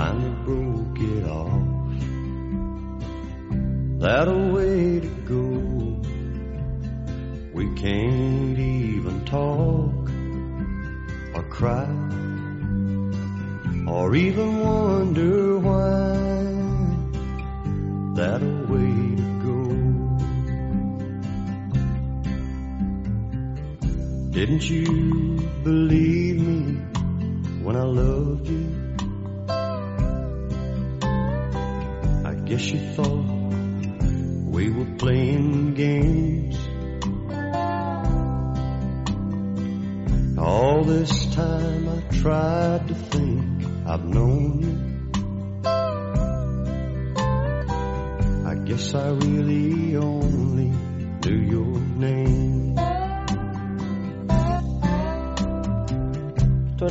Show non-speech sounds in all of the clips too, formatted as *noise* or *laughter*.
finally broke it off. That a way to go. We can't even talk or cry or even wonder why. That a way to go. Didn't you believe me when I loved? she thought we were playing games. All this time I tried to think I've known you. I guess I really only knew your name. To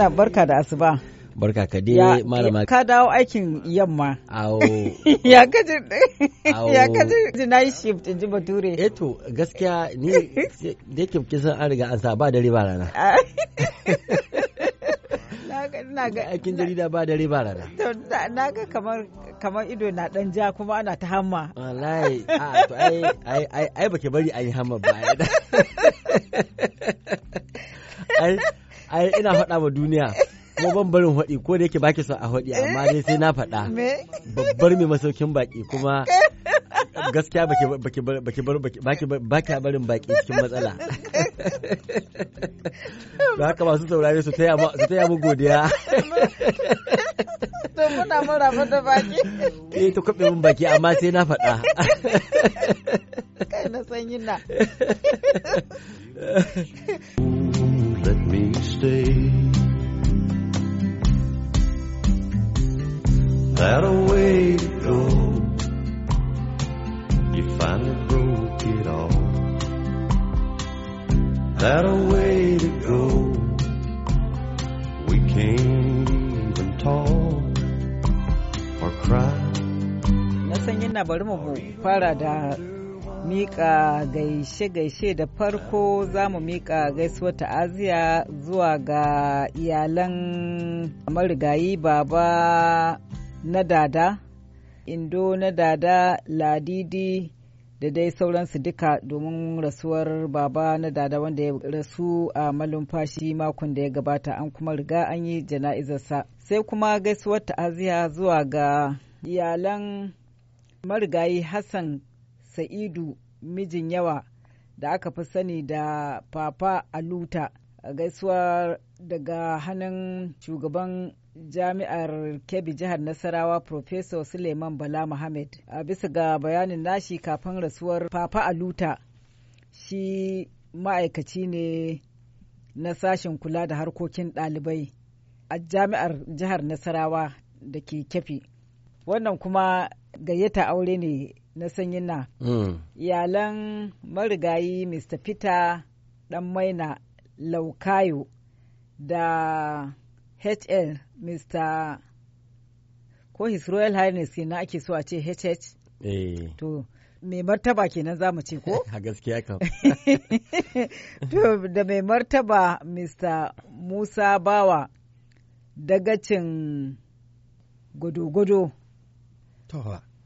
na barka da asuba. barka ka dai malama ka dawo aikin yamma awo *laughs* ya kaji ya kaji yi shift in ji bature eh to gaskiya ni *laughs* da yake san an riga an sa ba dare ba rana ah. *laughs* na ga aikin jarida ba dare ba rana na ga kamar kamar ido na dan ja kuma ana ta hamma wallahi a to ai ai ai baki bari a yi hamma ba ai ina faɗa wa duniya kuma ban barin haɗi ko da yake baki son a haɗi amma dai sai na faɗa *laughs* babbar mai masaukin baki kuma gaskiya baki barin baki cikin matsala ba *laughs* haka masu saurare su taya mu godiya *laughs* to muna mura da baki eh to kaɓe mun baki amma sai na faɗa kai na yin na let me stay that away you go. You finally broke it all. That a way to go. We can't even talk or cry. Na san yana bari mu fara da mika gaishe-gaishe da farko za mu mika gaisuwar aziya zuwa ga iyalan marigayi baba na dada indo na dada ladidi da dai sauransu duka domin rasuwar baba na dada wanda ya rasu a malumfashi makon da ya gabata an kuma riga an yi jana'izarsa sai kuma gaisuwar ta'aziya zuwa ga iyalan marigayi hassan sa'idu mijin yawa da aka fi sani da papa aluta gaisuwa daga hannun shugaban jami'ar kebbi jihar nasarawa professor suleiman bala muhammad a bisa ga bayanin nashi kafin rasuwar papa aluta shi ma'aikaci ne na sashen kula da harkokin ɗalibai a jami'ar jihar nasarawa da ke kefi wannan kuma gayyata aure ne na sanyin na mm. iyalan marigayi mr peter dan maina laukayo da HL Mr. ko His Royal Highness na ake so a ce HH? Eh. To, mai martaba kenan za mu ce ko? *laughs* A gaskiya kam. *laughs* To, da mai martaba Mr. Musa Bawa dagacin gudu-gudu.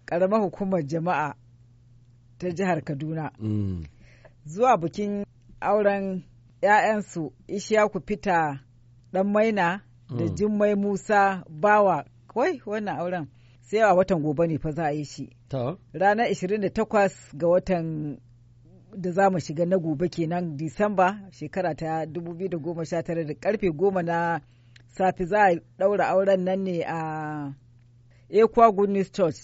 Ƙaramar hukumar jama'a ta jihar Kaduna. Mm. Zuwa bikin auren ‘ya'yansu Ishaku Fita ɗan maina da mm. Jummai Musa Bawa kawai wannan auren sai a watan gobe ne fa za a yi shi. Ranar 28 ga watan da za mu shiga na gobe kenan Disamba shekara ta 2019 da karfe 10 na safi za a daura auren nan ne a Ekwa goodness Church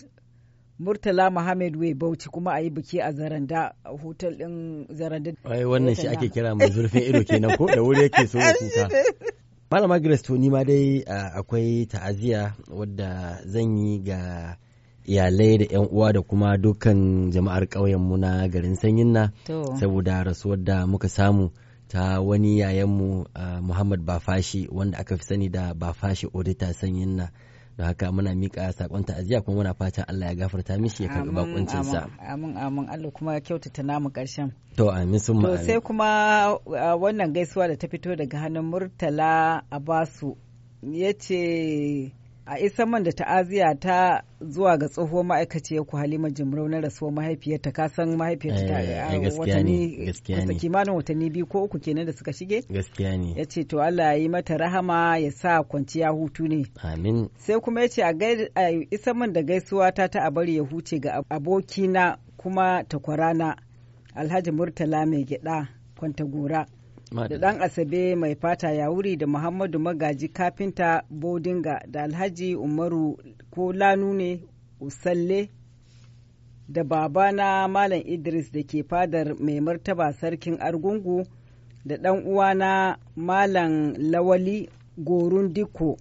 Murtala Muhammad Wai Bauchi kuma a yi biki a Zaranda a hotel ɗin Zaranda. Ai wannan shi ake kira mai zurfin ido kenan ko da wuri yake so *laughs* kuka. malama grace to ma dai akwai ta'aziyya wadda zan yi ga iyalai da 'yan uwa da kuma dukkan jama'ar mu na garin sanyin na saboda rasuwar da muka samu ta wani yayanmu uh, muhammad bafashi wanda aka fi sani da bafashi odita sanyin na da haka muna mika sakon ajiya kuma muna fatan Allah ya gafarta mishi ya karbi bakuncin sa amin amin Allah kuma kyautata namu karshen to amin sun to sai kuma wannan gaisuwa da ta fito daga hannun Murtala Abasu yace a isan man da ta'aziya ta zuwa ga tsohuwar ma'aikaciyar ku halima jimrau na rasuwar mahaifiyarta ka san mahaifiyarta ta eh, eh, watanni kusa kimanin watanni biyu ko uku kenan da suka shige gaskiya ne ya ce to allah ya yi mata rahama ya sa kwanciya hutu ne amin sai kuma ya ce a isan man da gaisuwa ta ta a bari ya huce ga abokina kuma takwarana alhaji murtala mai gyada kwanta gora da dan asabe mai fata ya wuri da muhammadu magaji kafinta bodinga da alhaji umaru ko lanu ne usalle da babana malam idris da ke fadar mai martaba sarkin argungu da dan uwana malam lawali gorun dikko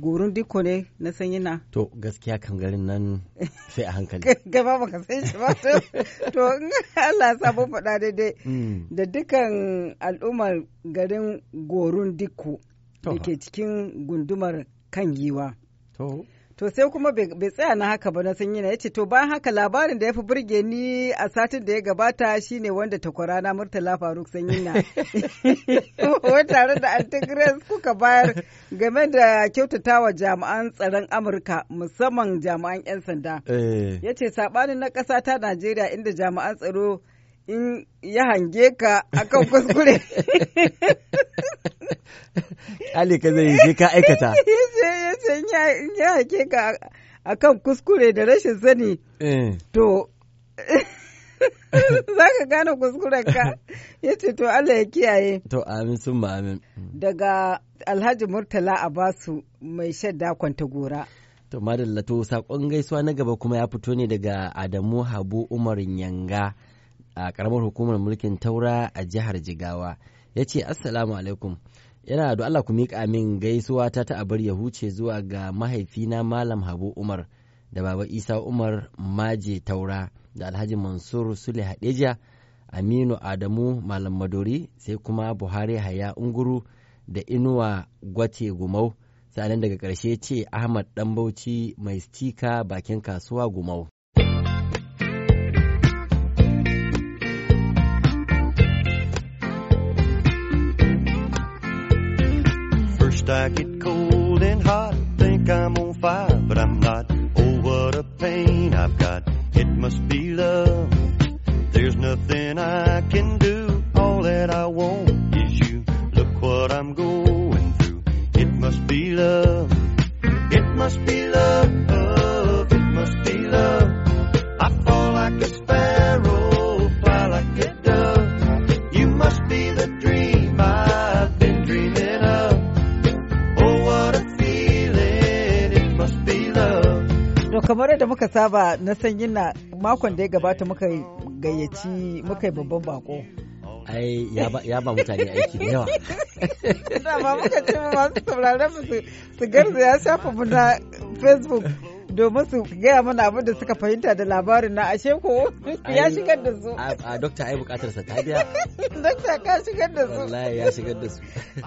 gurin diko ne na san yana. To gaskiya kan garin nan *laughs* sai a hankali. Gaba ba ka san shi ba to *laughs* in Allah ya mun faɗa daidai mm. da dukan al'ummar garin gurin diko da ke cikin gundumar kan giwa. To. To sai kuma bai tsaya na haka ba na sun yi na yace to bayan haka labarin da ya fi burge ni a satin da ya gabata shine wanda takwara na Murtala Faruk sun yi na. *laughs* tare da Antigres kuka bayar game da kyautatawa jami'an tsaron Amurka musamman jami'an 'yan sanda. Eh. Yace sabanin na ƙasa ta Najeriya inda jami'an tsaro in ya hange ka akan kuskure *laughs* ali ka zai sai ka aikata *laughs* in ya hange ka akan kuskure da rashin sani eh. to *laughs* za ka gane kuskuren ka ya ce to Allah ya kiyaye to amin sun amin daga alhaji murtala abasu mai shadda kwanta gora to madalla to saƙon gaisuwa na gaba kuma ya fito ne daga adamu habu umar yanga a karamar hukumar mulkin taura a jihar jigawa ya ce assalamu alaikum yana da Allah ku miƙa min gaisuwa ta ta abar ya huce zuwa ga mahaifina malam habu umar da baba isa umar maje taura da alhaji mansur sule hadeja aminu adamu malam madori sai kuma buhari haya unguru da inuwa gwate gumau sa'anan daga ƙarshe ce ahmad dambauci bauchi mai stika bakin kasuwa gumau I get cold and hot. Think I'm on fire, but I'm not. Oh, what a pain I've got. It must be love. There's nothing I can do. kamar yadda muka saba na san na makon da ya gabata muka gayyaci muka yi babban bako ai ya ba mutane aiki da yawa *laughs* da ba muka ce masu sauraron mu su garza ya shafa mu na facebook domin su gaya mana abin da suka fahimta da labarin na ashe ko ya shigar da su a dokta ai bukatar sa kadiya *laughs* dokta ka shigar da su wallahi ya shigar da su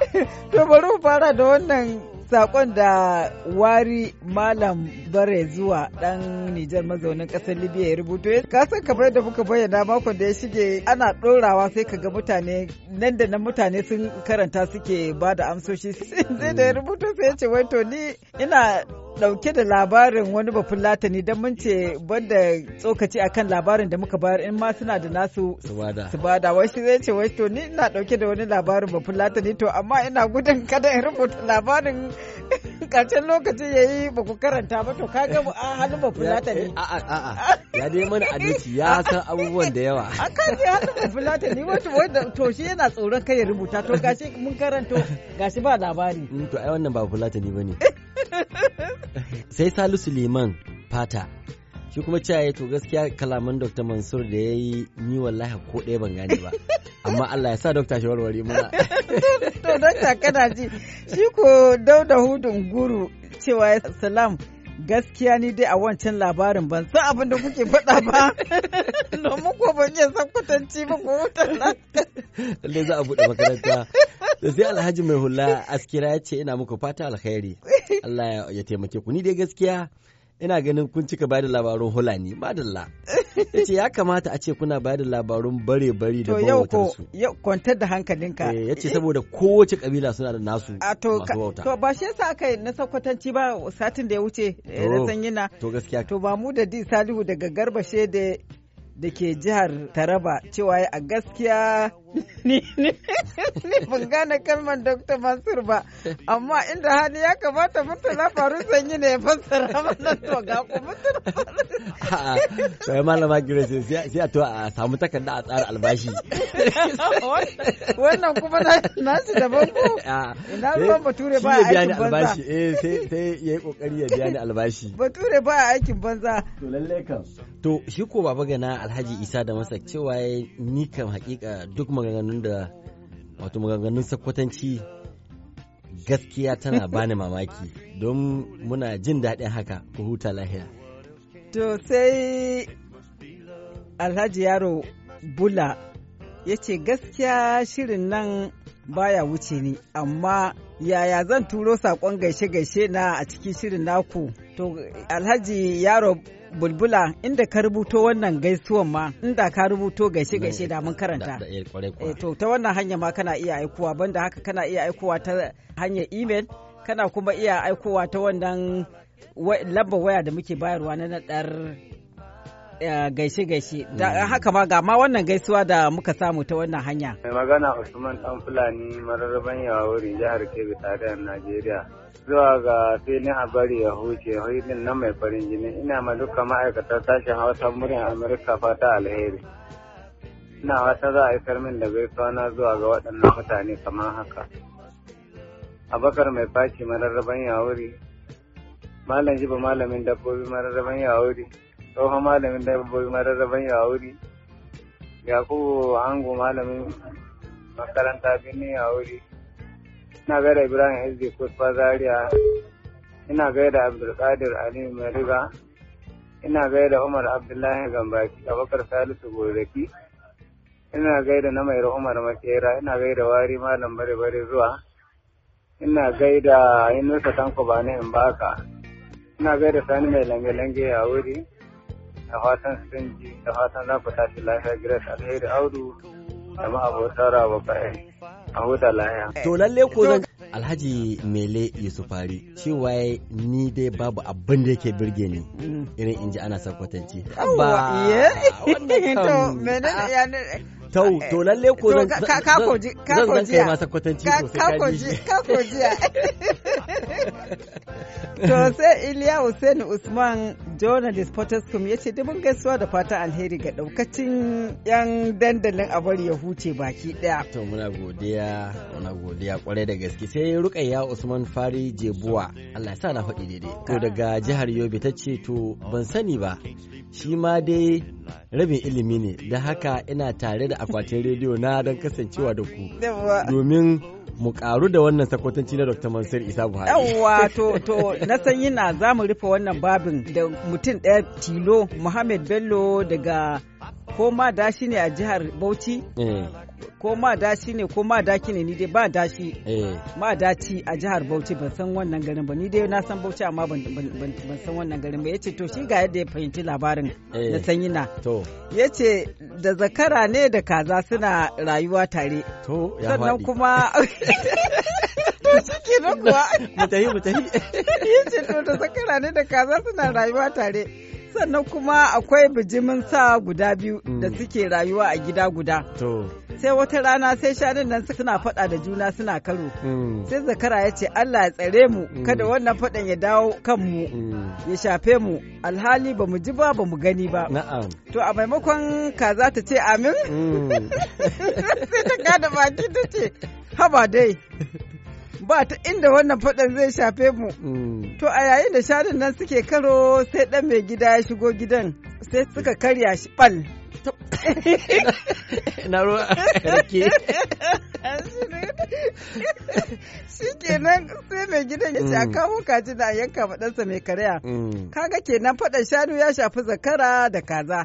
*laughs* to bari mu fara da wannan sakon da wari malam bare zuwa dan Nijar mazaunin kasar Libya ya rubuto ka san kamar da muka bayyana makon da ya shige ana ɗorawa sai ka ga mutane nan da nan mutane sun karanta suke ba da amsoshi *laughs* sai da ya rubuto sai ya ce wai to ni ina dauke da labarin wani bafin latani don mun ce banda tsokaci akan labarin da muka bayar in ma suna da nasu su bada wai su zai ce wai to ni ina dauke da wani labarin bafin latani to amma ina gudun *laughs* kada in rubuta labarin karshen *laughs* lokaci ya yi ba ku karanta ba to ka gabu a halin bafin latani eh, a'a a'a ya dai mana adalci ya *laughs* san abubuwan da yawa a kan ya halin bafin latani wato to shi yana tsoron kai ya rubuta to gashi mun karanto gashi ba labari mm, to ai wannan ba bafin latani bane *laughs* sai salisu liman fata shi kuma cewa to gaskiya kalaman dr mansur da ya yi ni wallahi ko ɗaya ban gane ba *laughs* amma allah ya sa dokta shi warware mana *laughs* to dokta kana ji shi ko dauda hudun guru cewa salam gaskiya ni dai a wancan labarin ban san abin da kuke faɗa ba *laughs* domin ko ban iya san kwatanci ba ko wutar lalle za a buɗe makaranta da sai alhaji mai hula askira ya ce ina muku fata alkhairi *laughs* Allah ya taimake ku ni dai gaskiya ina ganin kun cika bayar da labarun hulani madalla *laughs* yace ya kamata a ce kuna bayar da labarun bare bari da bautar su yau kwantar da hankalinka eh, ya ce saboda kowace kabila suna da nasu masu bauta to ba shi yasa aka yi na sakwatanci ba satin da ya wuce eh, na yana to gaskiya to ba mu da di salihu daga garbashe da da ke jihar Taraba cewa a gaskiya *laughs* ni ban gane kalmar Dr. Mansur ba amma inda hali ya kamata murtala faru sanyi ne ya fassara wannan to ga ku murtala malama Grace sai a to a samu takarda a tsara albashi wannan kuma na shi banku. Na ruwan bature ba a aikin banza eh sai ya yi kokari ya biya ni albashi bature ba a aikin banza to lalle kan to shi ko baba gana alhaji isa da masa cewa ya ni kam hakika duk maganganun da wato maganganun sakwatanci gaskiya tana *laughs* bani mamaki don muna jin daɗin haka ku huta lahiya to sai alhaji yaro bula ya ce gaskiya shirin nan baya wuce ni amma yaya zan turo saƙon gaishe-gaishe na a cikin shirin naku to alhaji yaro bulbula inda ka rubuto wannan gaisuwan ma inda ka rubuto gaishe-gaishe da mun karanta eh, eh, to ta wannan hanya ma kana iya aikowa banda haka kana iya aikowa ta hanyar email kana kuma iya aikowa ta wannan lambar waya da muke bayarwa na naɗar gaishe-gaishe. Eh, mm. Haka ma ga ma wannan gaisuwa da muka samu ta wannan hanya. Mai magana Usman dan Fulani mararraban yawuri jihar Kebbi da Najeriya. Zuwa ga filin a bari ya huce hudin na mai farin jini ina ma duka ma'aikatar sashen Hausa murin Amurka fata alheri. Ina wata za a isar min da gaisuwa na zuwa ga waɗannan mutane kamar haka. Abakar mai faci mararraban yawuri. Malam jiba malamin dabbobi mararraban yawuri. tsohon malamin dabbobi mararraban wuri. yakubu hango malamin makaranta birnin wuri. ina gaida ibrahim sd ko zaria ina gaida abdulkadir ali mariga ina gaida umar abdullahi gambaki abubakar salisu gozaki ina gaida na mai umar makera ina gaida wari malam bare bare zuwa ina gaida nusa tanko ba na in baka ina gaida sani mai lange-lange a wuri da fatan sun ji da fatan za ku tashi lafiya grace alheri audu da ma'abota rawa bayan a huta lafiya. to lalle ko zan alhaji mele yusufari cewa ni dai babu abin da yake birge ni irin inji ana son kwatanci abba tau to lalle ko zan zan zan kai masa kwatanci sosai ka koji ka koji *laughs* to sai Iliya Usman journalist potescom ya ce dubin gaisuwa da fata alheri ga daukacin yan dandalin a abar ya huce baki daya to muna godiya muna godiya kwarai da gaske sai rukayya usman fari jebuwa allah sa na faɗi daidai to daga jihar yobe ta ce to ban sani ba shi ma dai rabin ilimi ne da haka ina tare da akwatin rediyo na don kasancewa da ku domin mu karu da wannan sakwatanci na Dr. Mansur Isa Buhari. Yawwa to to na san yana za mu rufe wannan babin da mutum ɗaya tilo Muhammad Bello daga ko ma dashi ne a jihar Bauchi eh. ko ma dashi ne ko ma daki ne ni dai ba dashi eh. ma daci a jihar Bauchi ban san wannan garin ba ni dai na san Bauchi amma ban san wannan garin ba yace to shi ga yadda ya fahimci labarin eh. na sanyina to yace da zakara ne da kaza suna rayuwa tare to ya sannan kuma *laughs* to shi kuwa mutahi mutahi *laughs* yace to da zakara ne da kaza suna rayuwa tare sannan kuma akwai bijimin sa guda biyu mm. da suke rayuwa a gida guda sai wata rana sai shanun nan suna faɗa da juna suna karo mm. sai zakara ya ce allah ya tsare mu mm. kada wannan faɗan ya dawo kanmu ya shafe mu alhali ba mu ji ba ba mu gani ba to a maimakon kaza ta ce amin *laughs* sai ta gada baki ta ce haba dai ba ta inda wannan faɗan zai shafe mu mm. to a yayin da shanun nan suke karo sai ɗan mai gida ya shigo gidan sai suka karya shi ɓal *laughs* na ruwa rake *laughs* shi kenan sai mai gidan ya ce a mm. kawo kaji da yanka faɗansa mai karya mm. kaga kenan faɗan shanu ya shafi zakara da kaza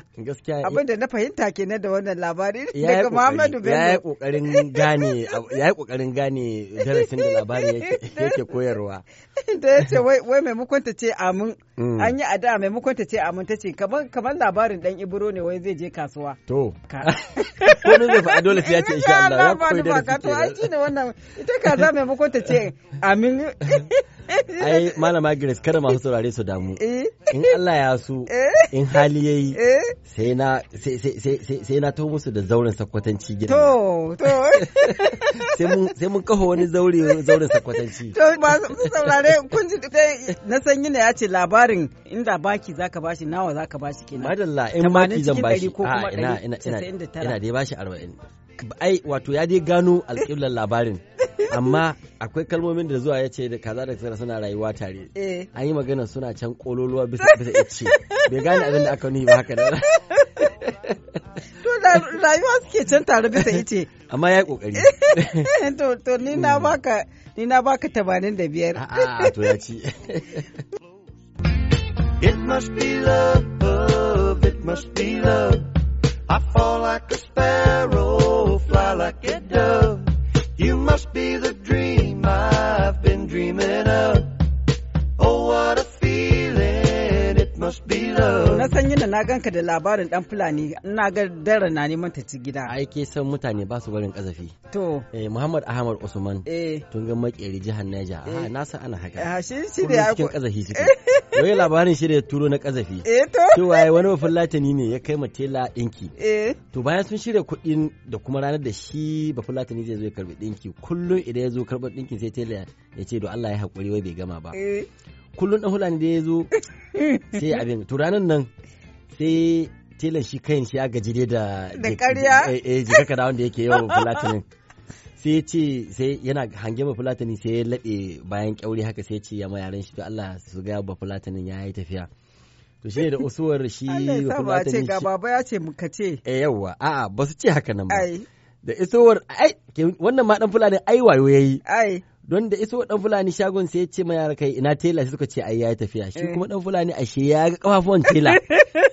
abinda na fahimta kenan da wannan labari daga muhammadu bello ya yi kokarin gane ya yi kokarin gane darasin da labari *laughs* yake koyarwa da ya ce wai maimakon ta ce amin mm. an yi a da maimakon ta ce amin ta ce kamar labarin dan ibro ne wai zai je ka kasuwa. To. *laughs* Ko min zai faɗa dole fiye ce insha Allah. Ya koyi da kasuwa ai ne wannan ita kaza maimakon ta ce amin. *laughs* ai malama Grace kada masu saurare su damu in Allah ya so in hali ya sai na sai na taho musu da zauren sakwatanci gida. to to sai mun kafa wani zaure zauren sakwatanci to masu saurare kun ji dai na san yana ya ce labarin inda baki zaka bashi nawa zaka bashi kenan madalla in baki zan bashi a ina ina ina ina dai bashi 40 ai wato ya dai gano alƙiblar labarin amma akwai kalmomin da zuwa ya ce da kaza da kaza suna rayuwa tare eh. an yi magana suna can kololuwa bisa bisa ice bai gane abin da aka nuna haka da to rayuwa suke can tare bisa ice amma ya yi kokari *laughs* to to ni na hmm. baka ni na baka 85 a'a to ya ci it must be love it must be love i fall like a sparrow fly like a dove. You must be the dream I've been dreaming of. Na san yana na ganka da labarin dan Fulani na ga dara na neman ta ci gida. Ai ke san mutane ba su barin kazafi. To. Eh Muhammad Ahmad Usman. Eh. Tun ga makeri jihar Niger. Ah na san ana haka. eh shi shi da cikin kazafi shi. *laughs* Wai labarin shi da turo na kazafi. Eh to. To wai wani bafin latani ne ya kai matela dinki. Eh. To bayan sun shirya kuɗin da kuma ranar da shi bafin latani zai zo ya karbi dinki kullum idan ya zo karɓar dinkin sai tela ya ce do Allah ya hakuri wai bai gama ba. Eh. kullum dan hulani da ya zo *laughs* sai abin to ranar nan sai telan shi kayan shi ya gaji da da ƙarya eh, eh jikaka da wanda yake yawan platinum sai ya ce sai yana hange ba fulatani sai ya laɓe bayan kyauri haka sai ya ce ya yaran shi to Allah su ga ba fulatanin ya yi tafiya to shi ne da usuwar shi *laughs* ba ce ga baba ya ce muka ce eh yawa a'a ba su ce haka nan ba da isowar ai wannan ma dan fulani ai wayo yayi ai don da iso dan fulani shagon sai ya ce ma yara kai ina tela sai suka ce ai ya tafiya shi eh. kuma dan fulani ashe ya ga kafafuwan tela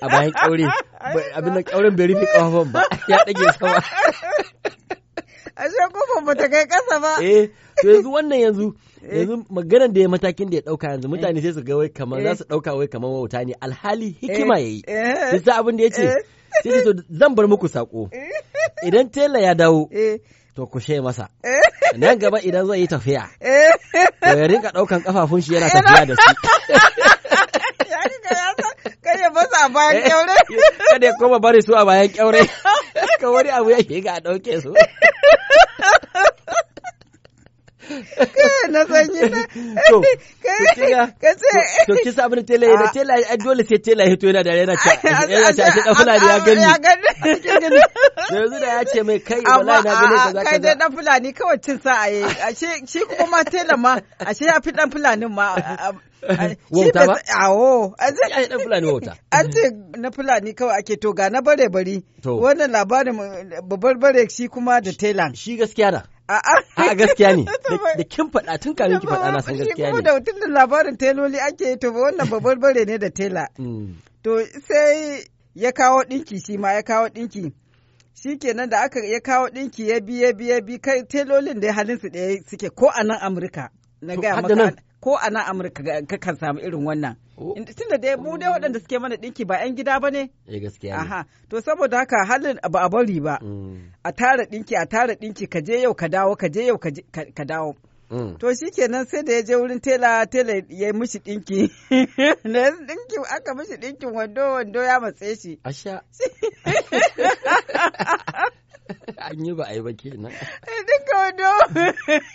a bayan kaure abin da kauren bai rufe kafafuwan ba *laughs* ya dage sama ashe kofar ba ta kai kasa ba eh to yanzu wannan yanzu eh. yanzu maganar da ya matakin da ya dauka yanzu mutane eh. sai su ga wai kamar za su dauka wai kamar wauta ne alhali hikima yayi sai abin da ya ce sai zan bar muku sako *laughs* idan tela ya dawo to kushe masa *laughs* eh. nan gaba idan zai yi tafiya eh. to ya rinka ɗaukan kafafun shi yana eh. tafiya da su *laughs* kada masa a bayan kyaure kada ya koma bari su a bayan kyaure *laughs* ka wani abu ya shiga a ɗauke su na sanyi na *laughs* *laughs* ka ce to kisa abin tela yana *laughs* ah. tela ai dole sai tela hito yana da yana ta yana ta shi dan fulani ya gani ya gani yanzu da ya ce mai kai wallahi na gane kaza ah, kaza kai dai dan fulani kawai cin sa ayi ashe shi kuma ma tela ma a shi ya fi dan fulanin ma wauta ba? Awo. Ai na Fulani wauta. An ce na Fulani kawai ake to ga na bare bari. Wannan labarin babbar bare shi kuma da telan. Shi gaskiya da. A'a gaskiya ne *laughs* da kin faɗa tun kafin ki faɗa na san gaskiya ne. da tun da labarin teloli ake to wannan babbar bare ne da tela. Mm. To sai ya kawo ɗinki shi ma ya kawo ɗinki. Shi kenan da aka ya kawo ɗinki ya bi ya bi ya bi kai telolin da su ɗaya suke ko a nan Amurka. Na gaya maka ko a nan Amurka ka kan samu irin wannan. Oh. tun da mu dai waɗanda suke mana ɗinki ba 'yan gida ba ne eh gaskiya aha to saboda haka halin ba a bari ba mm. a tara ɗinki a tara ɗinki ka je yau ka dawo ka je yau ka dawo mm. to shi kenan sai da ya je wurin tela tela ya yi mishi ɗinki. *laughs* da ya ɗinki, aka mishi ɗinkin wando wando ya matse shi asha *laughs* an yi ba a yi ba kenan Ɗinka wando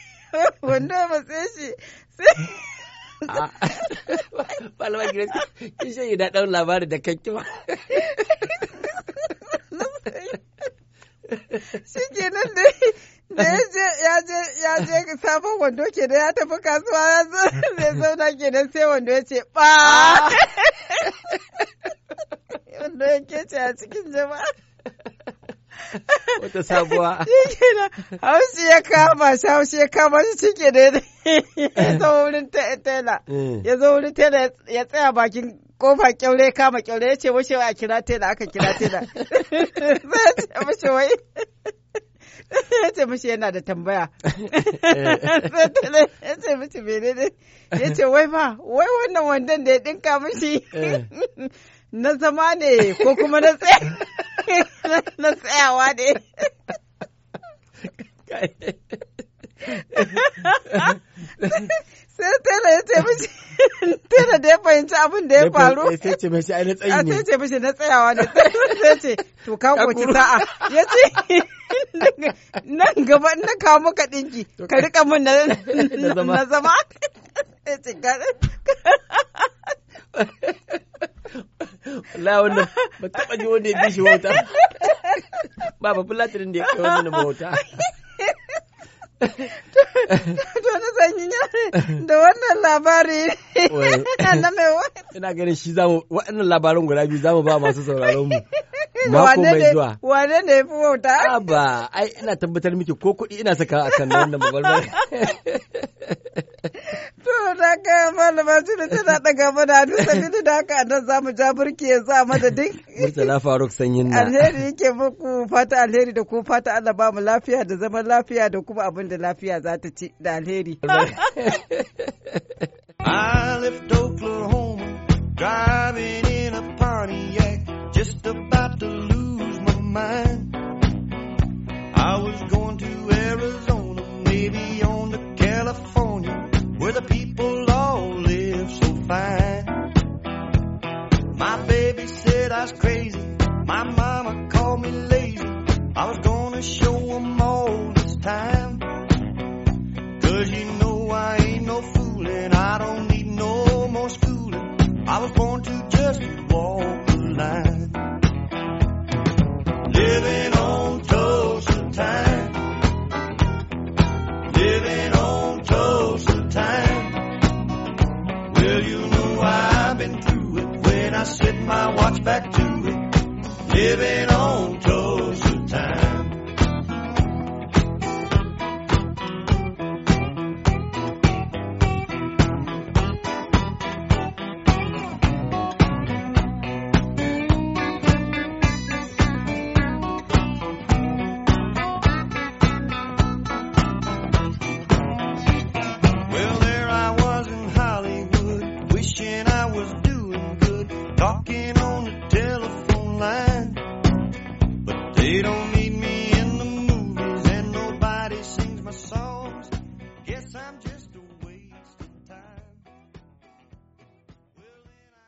*laughs* wando ya matse shi Ah. *laughs* Malama Grace, kin shayi da ɗan labari da kakki ba. Shi ke dai da ya je sabon wando ke da ya tafi kasuwa ya zo zai zauna ke da sai wando ya ce ba. Ah. *laughs* Wando ya kece a cikin jama'a. Wata sabuwa. *laughs* Shi hausu ya kama shi hausu ya kama shi cike da *laughs* ya zo wurin tela. Mm. Ya zo wurin tela ya tsaya bakin kofa kyaure kama kyaure ya ce mashi a kira tela aka kira tela. Zai *laughs* ce mashi wai. ya ce mishi yana da tambaya ya ce mishi mene ne ya ce wai ma wai wannan wandon da ya dinka mishi eh. na zama ne ko kuma na tsaye *laughs* na tsayawa ne sai tela ya ce mishi tela da ya fahimci abin da ya faru sai ce mishi ai na tsayi ne sai ce mishi na tsayawa ne sai ce to ka koki sa'a ya ce nan gaba na kawo maka dinki ka rika min *laughs* na zama *laughs* ya ce la wannan ba taɓa ji wanda ya bi shi wauta ba ba filatirin da ya kai wani wauta to na san sanyi da wannan labari na mai ina ganin shi zamu waɗannan labaran guda biyu zamu ba masu sauraron mu *laughs* mako mai zuwa wane ne fi wauta aba ai ina tabbatar miki ko kuɗi ina saka a akan wannan babbar *laughs* To da ka malama shi da tana daga mana duk sabili da haka nan za mu ja burki yanzu a madadin. Murtala Faruk sanyin na. Alheri yake muku fata alheri da ku fata Allah ba mu lafiya da zaman lafiya da kuma abin da lafiya za ta ci da alheri. *laughs* I left Oklahoma driving in a Pontiac just about to lose my mind. just crazy. back to it. Living on toast.